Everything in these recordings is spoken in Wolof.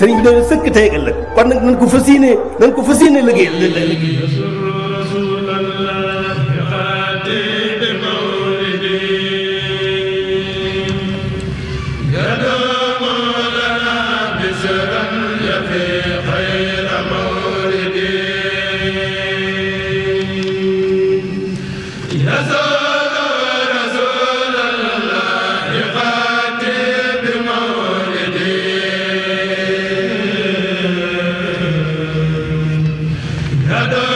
sëriñ bi dana sëkk tey ëllëg kon nag nañ ko fas yéene nañ ko fas yéene liggéey Yes, sir. hada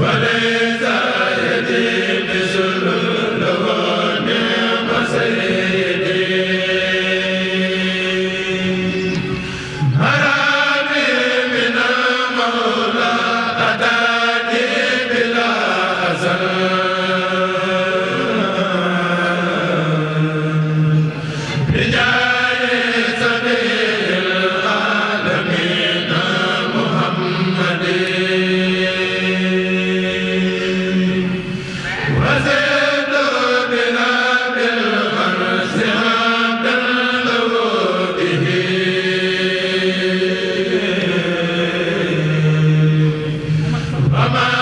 وليس يدي Amen